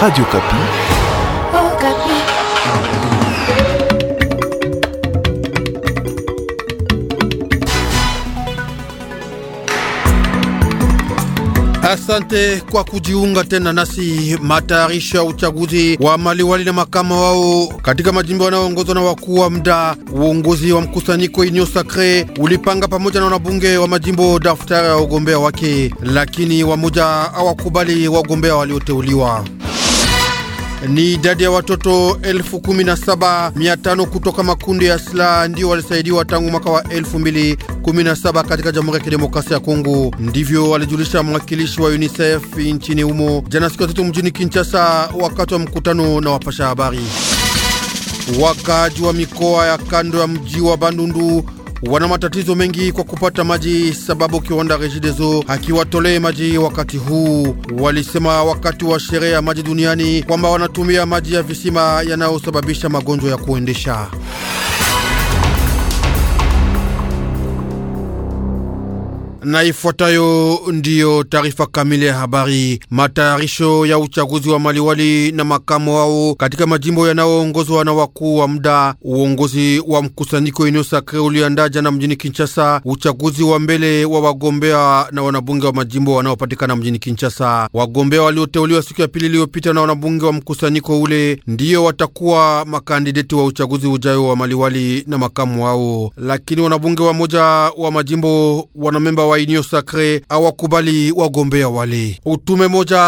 Radio Kapi. Oh, Kapi. Asante kwa kujiunga tena nasi. Matayarisho ya uchaguzi wa maliwali na makama wao katika majimbo yanayoongozwa na wakuu wa mda, uongozi wa mkusanyiko Union Sacre ulipanga pamoja na wanabunge wa majimbo daftari ya ugombea wake, lakini wamoja hawakubali wagombea walioteuliwa. Ni idadi ya watoto 17500 kutoka makundi ya silaha ndio walisaidiwa tangu mwaka wa 2017 katika Jamhuri ya Kidemokrasia ya Kongo. Ndivyo walijulisha mwakilishi wa UNICEF nchini humo jana siku ya tatu mjini Kinshasa, wakati wa mkutano na wapasha habari. Wakaaji wa mikoa ya kando ya mji wa Bandundu wana matatizo mengi kwa kupata maji, sababu kiwanda Regideso hakiwatolee maji wakati huu. Walisema wakati wa sherehe ya maji duniani kwamba wanatumia maji ya visima yanayosababisha magonjwa ya kuendesha. na ifuatayo ndiyo taarifa kamili ya habari. Matayarisho ya uchaguzi wa maliwali na makamo wao katika majimbo yanayoongozwa na wakuu wa muda. Uongozi wa mkusanyiko Inosakre uliandaa jana mjini Kinshasa uchaguzi wa mbele wa wagombea na wanabunge wa majimbo wanaopatikana mjini Kinshasa. Wagombea walioteuliwa siku ya pili iliyopita na wanabunge wa mkusanyiko ule ndiyo watakuwa makandideti wa uchaguzi ujayo wa maliwali na makamo wao, lakini wanabunge moja wa majimbo wanamemba wa Union Sacre awakubali wagombea wale. Utume moja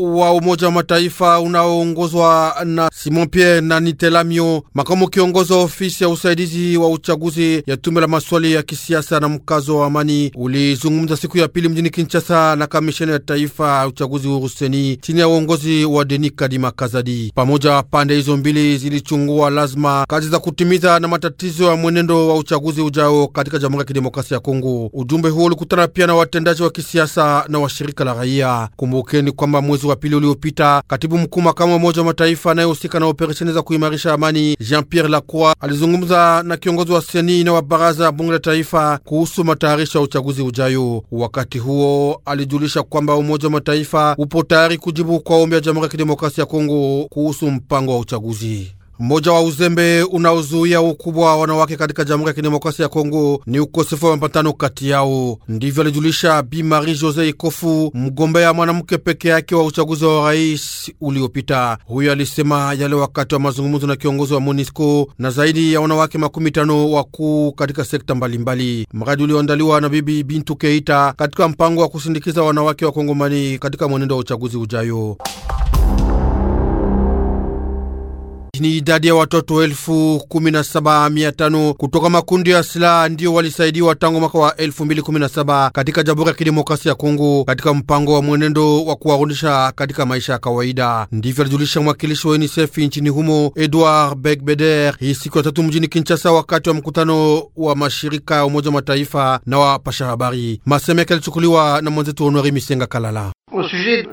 wa Umoja wa Mataifa unaoongozwa na Simon Pierre na Nitelamio, makamu kiongozi wa ofisi ya usaidizi wa uchaguzi ya tume la maswali ya kisiasa na mkazo wa amani, ulizungumza siku ya pili mjini Kinshasa na kamisheni ya taifa ya uchaguzi uruseni chini ya uongozi wa Denis Kadima Kazadi. Pamoja pande hizo mbili zilichungua lazima kazi za kutimiza na matatizo ya mwenendo wa uchaguzi ujao katika Jamhuri ya Kidemokrasia ya Kongo. Ujumbe huo kukutana pia na watendaji wa kisiasa na washirika la raia. Kumbukeni kwamba mwezi wa pili uliopita, katibu mkuu makamu wa Umoja wa Mataifa anayehusika na operesheni za kuimarisha amani Jean Pierre Lacroix alizungumza na kiongozi wa seni na wa baraza bunge la taifa kuhusu matayarisho ya uchaguzi ujayo. Wakati huo alijulisha kwamba Umoja wa Mataifa upo tayari kujibu kwa ombi ya Jamhuri ya Kidemokrasia ya Kongo kuhusu mpango wa uchaguzi. Mmoja wa uzembe unaozuia ukubwa wa wanawake katika Jamhuri ya Kidemokrasia ya Kongo ni ukosefu wa mapatano kati yao. Ndivyo alijulisha Bi Marie Jose Ikofu, mgombea mwanamke peke yake wa uchaguzi wa rais uliopita. Huyo alisema yale wakati wa mazungumzo na kiongozi wa MONISCO na zaidi ya wanawake makumi tano wakuu katika sekta mbalimbali. Mradi ulioandaliwa na Bibi Bintu Keita katika mpango wa kusindikiza wanawake wa Kongomani katika mwenendo wa uchaguzi ujayo. Ni idadi ya watoto elfu kumi na saba mia tano kutoka makundi ya silaha ndiyo walisaidiwa tangu mwaka wa elfu mbili kumi na saba katika Jamhuri ya Kidemokrasia ya Kongo katika mpango wa mwenendo wa kuwarudisha katika maisha ya kawaida. Ndivyo alijulisha mwakilishi wa UNICEF nchini humo Edward Begbeder hii siku ya tatu mjini Kinshasa, wakati wa mkutano wa mashirika ya Umoja wa Mataifa na wapasha habari. Masemeke alichukuliwa na mwenzetu Honori Misenga Kalala.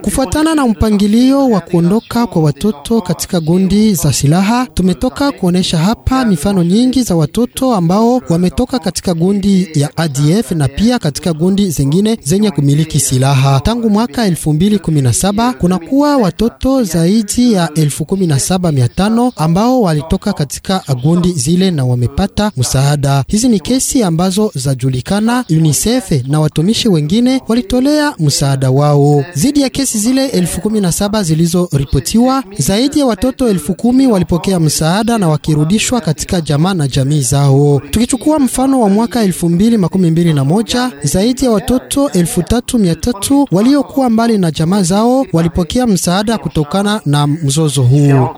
Kufuatana na mpangilio wa kuondoka kwa watoto katika gundi za silaha, tumetoka kuonyesha hapa mifano nyingi za watoto ambao wametoka katika gundi ya ADF na pia katika gundi zingine zenye kumiliki silaha. Tangu mwaka 2017 kunakuwa watoto zaidi ya 17500 ambao walitoka katika gundi zile na wamepata msaada. Hizi ni kesi ambazo zajulikana. UNICEF na watumishi wengine walitolea msaada wao zidi ya kesi zile elfu kumi na saba zilizoripotiwa, zaidi ya watoto elfu kumi walipokea msaada na wakirudishwa katika jamaa na jamii zao. Tukichukua mfano wa mwaka 2021 zaidi ya watoto 3300 waliokuwa mbali na jamaa zao walipokea msaada kutokana na mzozo huu.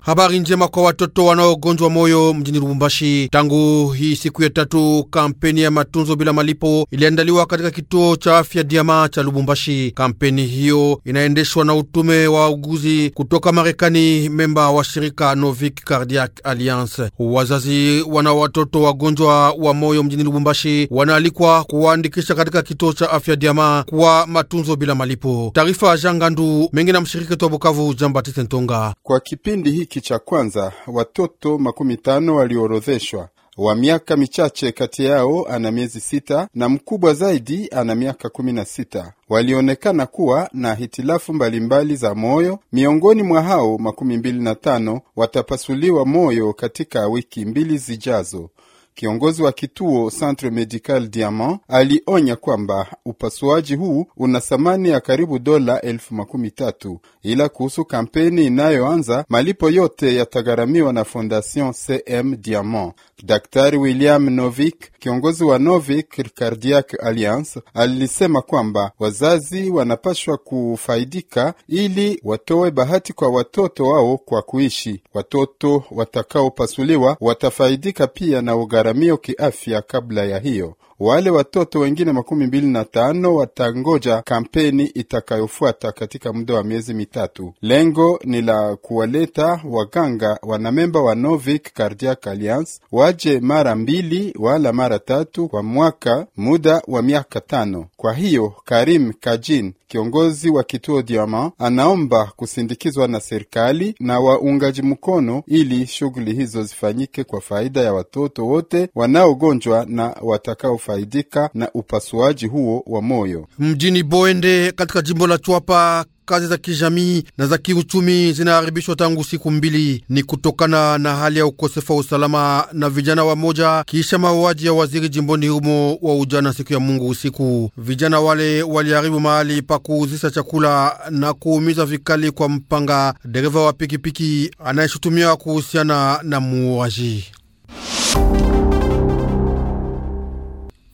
Habari njema kwa watoto wanaogonjwa moyo mjini Lubumbashi. Tangu hii siku ya tatu, kampeni ya matunzo bila malipo iliandaliwa katika kituo cha afya Diama cha Lubumbashi. Kampeni hiyo inaendeshwa na utume wa wauguzi kutoka Marekani, memba wa shirika Novik Cardiac Alliance. Wazazi wana watoto wagonjwa wa moyo mjini Lubumbashi wanaalikwa kuwaandikisha katika kituo cha afya Diama kwa matunzo bila malipo. Taarifa ya Jangandu mengi na mshiriki wa Bukavu Jean Batiste Ntonga kwa kipindi hiki hiki cha kwanza watoto makumi tano walioorodheshwa wa miaka michache kati yao ana miezi sita na mkubwa zaidi ana miaka kumi na sita walionekana kuwa na hitilafu mbalimbali za moyo. Miongoni mwa hao makumi mbili na tano watapasuliwa moyo katika wiki mbili zijazo. Kiongozi wa kituo Centre Medical Diamant alionya kwamba upasuaji huu una thamani ya karibu dola elfu makumi tatu, ila kuhusu kampeni inayoanza malipo yote yatagharamiwa na Fondation CM Diamant. Daktari William Novik, kiongozi wa Novik Cardiac Alliance, alisema kwamba wazazi wanapashwa kufaidika ili watoe bahati kwa watoto wao kwa kuishi. Watoto watakaopasuliwa watafaidika pia na ugharamiwa maharamio kiafya Kabla ya hiyo wale watoto wengine makumi mbili na tano watangoja kampeni itakayofuata katika muda wa miezi mitatu. Lengo ni la kuwaleta waganga wanamemba wa Novik Cardiac Alliance waje mara mbili wala mara tatu kwa mwaka, muda wa miaka tano. Kwa hiyo Karim Kajin, kiongozi wa kituo Diama, anaomba kusindikizwa na serikali na waungaji mkono ili shughuli hizo zifanyike kwa faida ya watoto wote wanaogonjwa na watakao kufaidika na upasuaji huo wa moyo mjini Boende katika jimbo la Chwapa. Kazi za kijamii na za kiuchumi zinaharibishwa tangu siku mbili, ni kutokana na hali ya ukosefu wa usalama na vijana wa moja kisha mauaji ya waziri jimboni humo wa ujana siku ya Mungu usiku. Vijana wale waliharibu mahali pa kuuzisha chakula na kuumiza vikali kwa mpanga dereva wa pikipiki anayeshutumiwa kuhusiana na muuaji.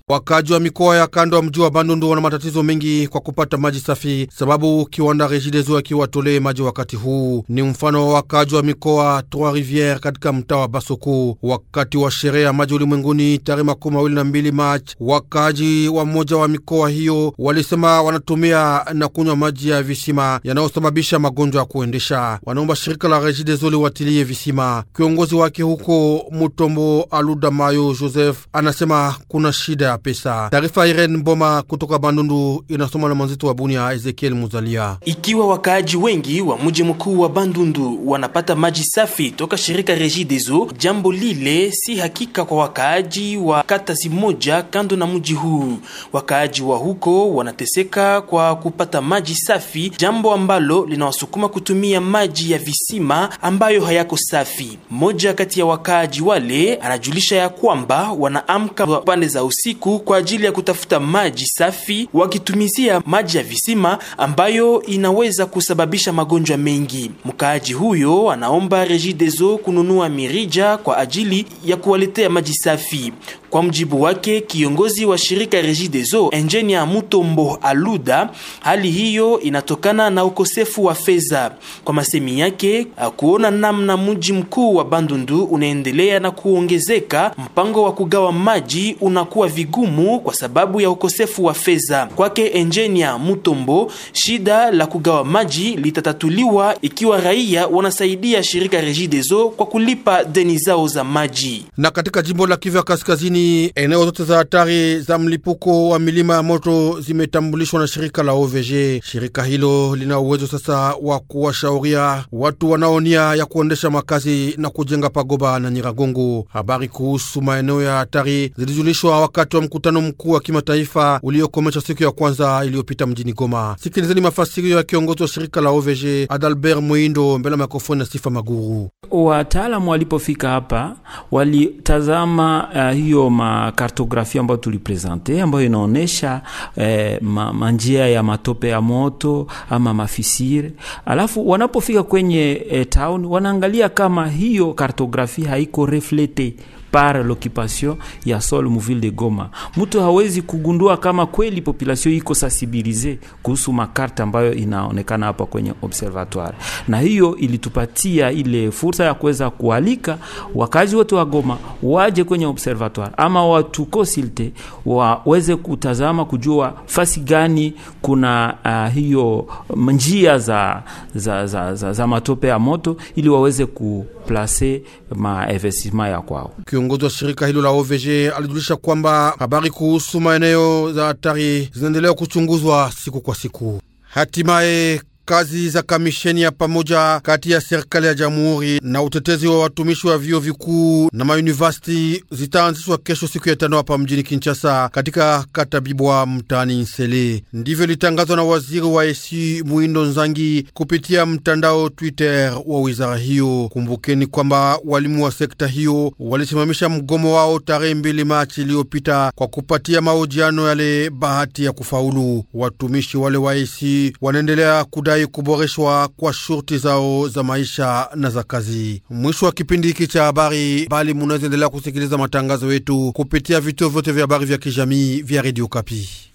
Wakaji wa mikoa ya kando ya mji wa Bandundu wana matatizo mengi kwa kupata maji safi, sababu kiwanda Regideso akiwatolee maji wakati huu. Ni mfano wa wakaji wa mikoa Trois Rivieres katika mtaa wa Basoku. Wakati wa sherehe ya maji ulimwenguni tarehe makumi mawili na mbili Machi, wakaji wa mmoja wa mikoa hiyo walisema wanatumia na kunywa maji ya visima yanayosababisha magonjwa ya kuendesha. Wanaomba shirika la Regideso liwatilie visima. Kiongozi wake huko Mutombo Aludamayo Joseph anasema kuna shida pesa. Taarifa Irene Mboma kutoka Bandundu inasoma na mwanzito wa Bunia Ezekiel Muzalia. Ikiwa wakaaji wengi wa mji mkuu wa Bandundu wanapata maji safi toka shirika Regideso, jambo lile si hakika kwa wakaaji wa kata zimoja kando na mji huu. Wakaaji wa huko wanateseka kwa kupata maji safi, jambo ambalo linawasukuma kutumia maji ya visima ambayo hayako safi. Mmoja kati ya wakaaji wale anajulisha ya kwamba wanaamka pande za usiku usiku kwa ajili ya kutafuta maji safi, wakitumizia maji ya visima ambayo inaweza kusababisha magonjwa mengi. Mkaaji huyo anaomba Regideso kununua mirija kwa ajili ya kuwaletea maji safi. Kwa mjibu wake kiongozi wa shirika Regideso engenia Mutombo Aluda, hali hiyo inatokana na ukosefu wa fedha. Kwa masemi yake, kuona namna mji mkuu wa Bandundu unaendelea na kuongezeka, mpango wa kugawa maji unakuwa vigumu kwa sababu ya ukosefu wa fedha. Kwake engenia Mutombo, shida la kugawa maji litatatuliwa ikiwa raia wanasaidia shirika Regideso kwa kulipa deni zao za maji. Na katika jimbo la Kivu ya Kaskazini eneo zote za hatari za mlipuko wa milima ya moto zimetambulishwa na shirika la OVG. Shirika hilo lina uwezo sasa wa kuwashauria watu wanaonia ya kuendesha makazi na kujenga Pagoba na Nyiragongo. Habari kuhusu maeneo ya hatari zilijulishwa wakati wa mkutano mkuu wa kimataifa uliokomesha siku ya kwanza iliyopita mjini Goma. Sikilizeni mafasirio ya kiongozi wa shirika la OVG Adalbert Mwindo mbele ya mikrofoni na Sifa Maguru. Wataalamu walipofika hapa walitazama uh, hiyo kama kartografia ambayo tulipresente ambayo inaonesha eh, ma, manjia ya matope ya moto ama mafisire. Alafu wanapofika kwenye eh, town wanaangalia kama hiyo kartografia haiko reflete par l'occupation ya sol muvile de Goma. Mtu hawezi kugundua kama kweli population iko sensibilize kuhusu makarta ambayo inaonekana hapa kwenye observatoire, na hiyo ilitupatia ile fursa ya kuweza kualika wakazi wote wa Goma waje kwenye observatoire ama watu kosilte waweze kutazama kujua fasi gani kuna uh, hiyo njia za, za, za, za, za matope ya moto ili waweze ku plase mainvestisma ya kwao. Kiongozi wa shirika hilo la OVG alijulisha kwamba habari kuhusu maeneo za hatari zinaendelea kuchunguzwa siku kwa siku. Hatimaye Kazi za kamisheni ya pamoja kati ya serikali ya jamhuri na utetezi wa watumishi wa vyuo vikuu na mayunivasiti zitaanzishwa kesho siku ya tano hapa mjini Kinshasa, katika Katabibwa mtaani Nsele. Ndivyo litangazwa na waziri wa esi Muindo Nzangi kupitia mtandao Twitter wa wizara hiyo. Kumbukeni kwamba walimu wa sekta hiyo walisimamisha mgomo wao tarehe mbili Machi iliyopita kwa kupatia mahojiano yale bahati ya kufaulu. Watumishi wale wa esi wanaendelea kudai wanadai kuboreshwa kwa shurti zao za maisha na za kazi. Mwisho wa kipindi hiki cha habari, bali munaweza endelea kusikiliza matangazo yetu kupitia vituo vyote vya habari vya kijamii vya redio Kapi.